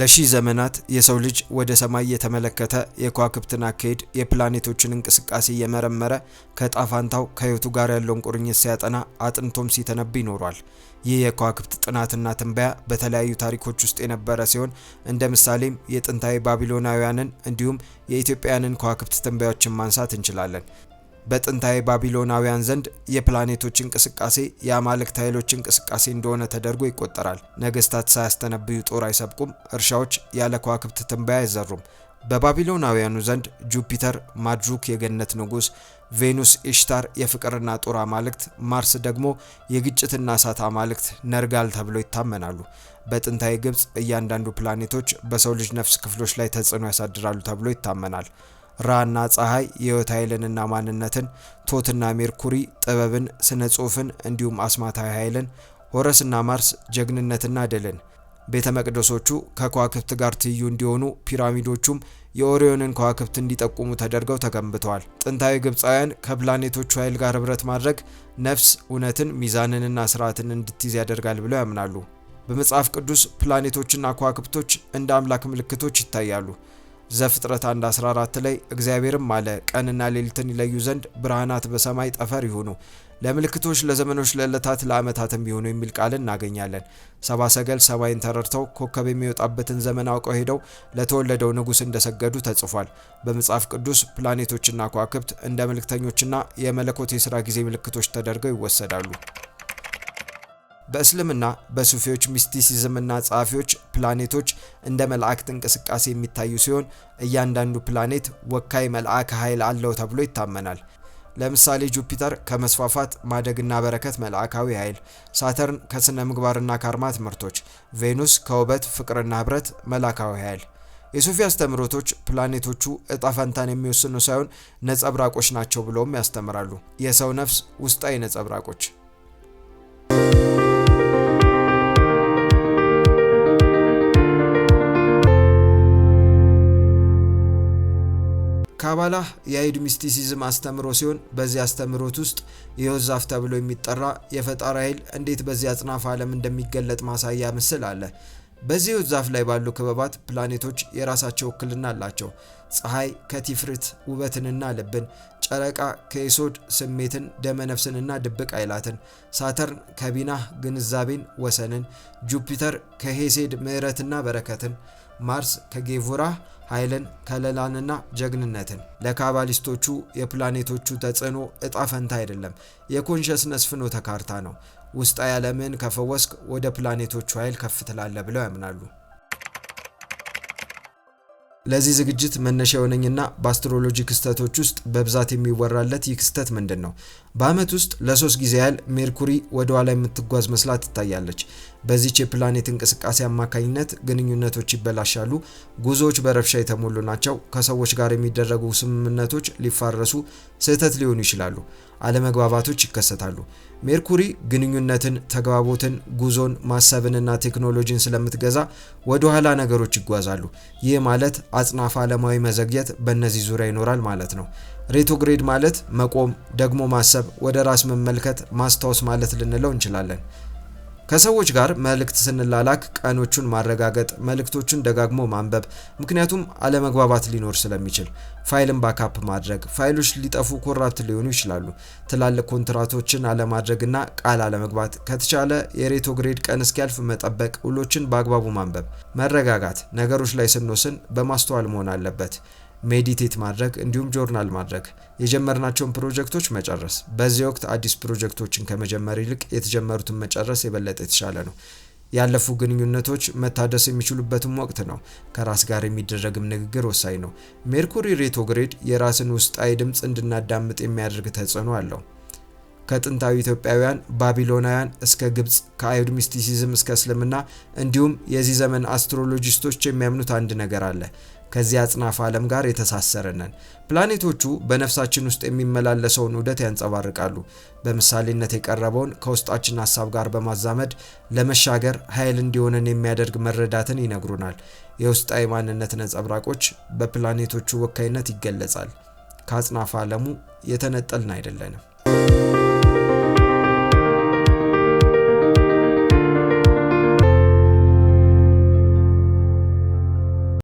ለሺህ ዘመናት የሰው ልጅ ወደ ሰማይ እየተመለከተ የከዋክብትን አካሄድ፣ የፕላኔቶችን እንቅስቃሴ እየመረመረ ከጣፋንታው ከህይወቱ ጋር ያለውን ቁርኝት ሲያጠና አጥንቶም ሲተነብ ይኖሯል። ይህ የከዋክብት ጥናትና ትንበያ በተለያዩ ታሪኮች ውስጥ የነበረ ሲሆን እንደ ምሳሌም የጥንታዊ ባቢሎናውያንን እንዲሁም የኢትዮጵያውያንን ከዋክብት ትንበያዎችን ማንሳት እንችላለን። በጥንታዊ ባቢሎናውያን ዘንድ የፕላኔቶች እንቅስቃሴ የአማልክት ኃይሎች እንቅስቃሴ እንደሆነ ተደርጎ ይቆጠራል። ነገስታት ሳያስተነብዩ ጦር አይሰብቁም፣ እርሻዎች ያለ ከዋክብት ትንበያ አይዘሩም። በባቢሎናውያኑ ዘንድ ጁፒተር ማድሩክ የገነት ንጉስ፣ ቬኑስ ኢሽታር የፍቅርና ጦር አማልክት፣ ማርስ ደግሞ የግጭትና እሳት አማልክት ነርጋል ተብሎ ይታመናሉ። በጥንታዊ ግብፅ እያንዳንዱ ፕላኔቶች በሰው ልጅ ነፍስ ክፍሎች ላይ ተጽዕኖ ያሳድራሉ ተብሎ ይታመናል። ራና ፀሐይ የህይወት ኃይልንና ማንነትን፣ ቶትና ሜርኩሪ ጥበብን፣ ስነ ጽሑፍን እንዲሁም አስማታዊ ኃይልን፣ ሆረስና ማርስ ጀግንነትና ድልን። ቤተ መቅደሶቹ ከከዋክብት ጋር ትይዩ እንዲሆኑ፣ ፒራሚዶቹም የኦሪዮንን ከዋክብት እንዲጠቁሙ ተደርገው ተገንብተዋል። ጥንታዊ ግብፃውያን ከፕላኔቶቹ ኃይል ጋር ህብረት ማድረግ ነፍስ እውነትን፣ ሚዛንንና ስርዓትን እንድትይዝ ያደርጋል ብለው ያምናሉ። በመጽሐፍ ቅዱስ ፕላኔቶችና ከዋክብቶች እንደ አምላክ ምልክቶች ይታያሉ። ዘፍጥረት 1 14 ላይ እግዚአብሔርም አለ ቀንና ሌሊትን ይለዩ ዘንድ ብርሃናት በሰማይ ጠፈር ይሁኑ ለምልክቶች ለዘመኖች ለዕለታት ለዓመታትም ቢሆኑ የሚል ቃል እናገኛለን። ሰባ ሰገል ሰማይን ተረድተው ኮከብ የሚወጣበትን ዘመን አውቀው ሄደው ለተወለደው ንጉሥ እንደሰገዱ ተጽፏል። በመጽሐፍ ቅዱስ ፕላኔቶችና ከዋክብት እንደ ምልክተኞችና የመለኮት የሥራ ጊዜ ምልክቶች ተደርገው ይወሰዳሉ። በእስልምና በሱፊዎች ሚስቲሲዝምና ጸሐፊዎች ፕላኔቶች እንደ መላእክት እንቅስቃሴ የሚታዩ ሲሆን እያንዳንዱ ፕላኔት ወካይ መልአክ ኃይል አለው ተብሎ ይታመናል። ለምሳሌ ጁፒተር ከመስፋፋት ማደግና በረከት መልአካዊ ኃይል፣ ሳተርን ከስነ ምግባርና ካርማ ትምህርቶች፣ ቬኑስ ከውበት ፍቅርና ህብረት መልአካዊ ኃይል። የሱፊ አስተምህሮቶች ፕላኔቶቹ እጣ ፈንታን የሚወስኑ ሳይሆን ነጸብራቆች ናቸው ብለውም ያስተምራሉ። የሰው ነፍስ ውስጣዊ ነጸብራቆች ካባላህ የአይድ ሚስቲሲዝም አስተምሮ ሲሆን በዚህ አስተምሮት ውስጥ የዮዛፍ ተብሎ የሚጠራ የፈጣሪ ኃይል እንዴት በዚህ አጽናፍ ዓለም እንደሚገለጥ ማሳያ ምስል አለ። በዚህ ዛፍ ላይ ባሉ ክበባት ፕላኔቶች የራሳቸው ውክልና አላቸው። ፀሐይ ከቲፍርት ውበትንና ልብን፣ ጨረቃ ከኤሶድ ስሜትን፣ ደመነፍስንና ድብቅ ኃይላትን፣ ሳተርን ከቢናህ ግንዛቤን፣ ወሰንን፣ ጁፒተር ከሄሴድ ምዕረትና በረከትን ማርስ ከጌቮራ ኃይልን ከለላንና ጀግንነትን ለካባሊስቶቹ የፕላኔቶቹ ተጽዕኖ እጣ ፈንታ አይደለም፣ የኮንሸስነስ ፍኖተ ካርታ ነው። ውስጣዊ ዓለምን ከፈወስክ ወደ ፕላኔቶቹ ኃይል ከፍ ትላለ ብለው ያምናሉ። ለዚህ ዝግጅት መነሻ የሆነኝና በአስትሮሎጂ ክስተቶች ውስጥ በብዛት የሚወራለት ይህ ክስተት ምንድን ነው? በዓመት ውስጥ ለሶስት ጊዜ ያህል ሜርኩሪ ወደ ኋላ የምትጓዝ መስላ ትታያለች። በዚች የፕላኔት እንቅስቃሴ አማካኝነት ግንኙነቶች ይበላሻሉ፣ ጉዞዎች በረብሻ የተሞሉ ናቸው፣ ከሰዎች ጋር የሚደረጉ ስምምነቶች ሊፋረሱ፣ ስህተት ሊሆኑ ይችላሉ። አለመግባባቶች ይከሰታሉ። ሜርኩሪ ግንኙነትን፣ ተግባቦትን፣ ጉዞን፣ ማሰብንና ቴክኖሎጂን ስለምትገዛ ወደ ኋላ ነገሮች ይጓዛሉ። ይህ ማለት አጽናፈ ዓለማዊ መዘግየት በእነዚህ ዙሪያ ይኖራል ማለት ነው። ሬቶግሬድ ማለት መቆም፣ ደግሞ ማሰብ፣ ወደ ራስ መመልከት፣ ማስታወስ ማለት ልንለው እንችላለን። ከሰዎች ጋር መልእክት ስንላላክ ቀኖቹን ማረጋገጥ፣ መልእክቶቹን ደጋግሞ ማንበብ፣ ምክንያቱም አለመግባባት ሊኖር ስለሚችል። ፋይልን ባካፕ ማድረግ፣ ፋይሎች ሊጠፉ ኮራፕት ሊሆኑ ይችላሉ። ትላልቅ ኮንትራቶችን አለማድረግና ቃል አለመግባት፣ ከተቻለ የሬቶግሬድ ቀን እስኪያልፍ መጠበቅ፣ ውሎችን በአግባቡ ማንበብ፣ መረጋጋት፣ ነገሮች ላይ ስንወስን በማስተዋል መሆን አለበት። ሜዲቴት ማድረግ እንዲሁም ጆርናል ማድረግ፣ የጀመርናቸውን ፕሮጀክቶች መጨረስ። በዚህ ወቅት አዲስ ፕሮጀክቶችን ከመጀመር ይልቅ የተጀመሩትን መጨረስ የበለጠ የተሻለ ነው። ያለፉ ግንኙነቶች መታደስ የሚችሉበትም ወቅት ነው። ከራስ ጋር የሚደረግም ንግግር ወሳኝ ነው። ሜርኩሪ ሬቶግሬድ የራስን ውስጣዊ ድምፅ እንድናዳምጥ የሚያደርግ ተጽዕኖ አለው። ከጥንታዊ ኢትዮጵያውያን ባቢሎናውያን እስከ ግብፅ፣ ከአይሁድ ሚስቲሲዝም እስከ እስልምና እንዲሁም የዚህ ዘመን አስትሮሎጂስቶች የሚያምኑት አንድ ነገር አለ። ከዚህ አጽናፈ ዓለም ጋር የተሳሰረነን። ፕላኔቶቹ በነፍሳችን ውስጥ የሚመላለሰውን ውደት ያንጸባርቃሉ። በምሳሌነት የቀረበውን ከውስጣችን ሀሳብ ጋር በማዛመድ ለመሻገር ኃይል እንዲሆነን የሚያደርግ መረዳትን ይነግሩናል። የውስጣዊ ማንነት ነጸብራቆች በፕላኔቶቹ ወካይነት ይገለጻል። ከአጽናፈ ዓለሙ የተነጠልን አይደለንም።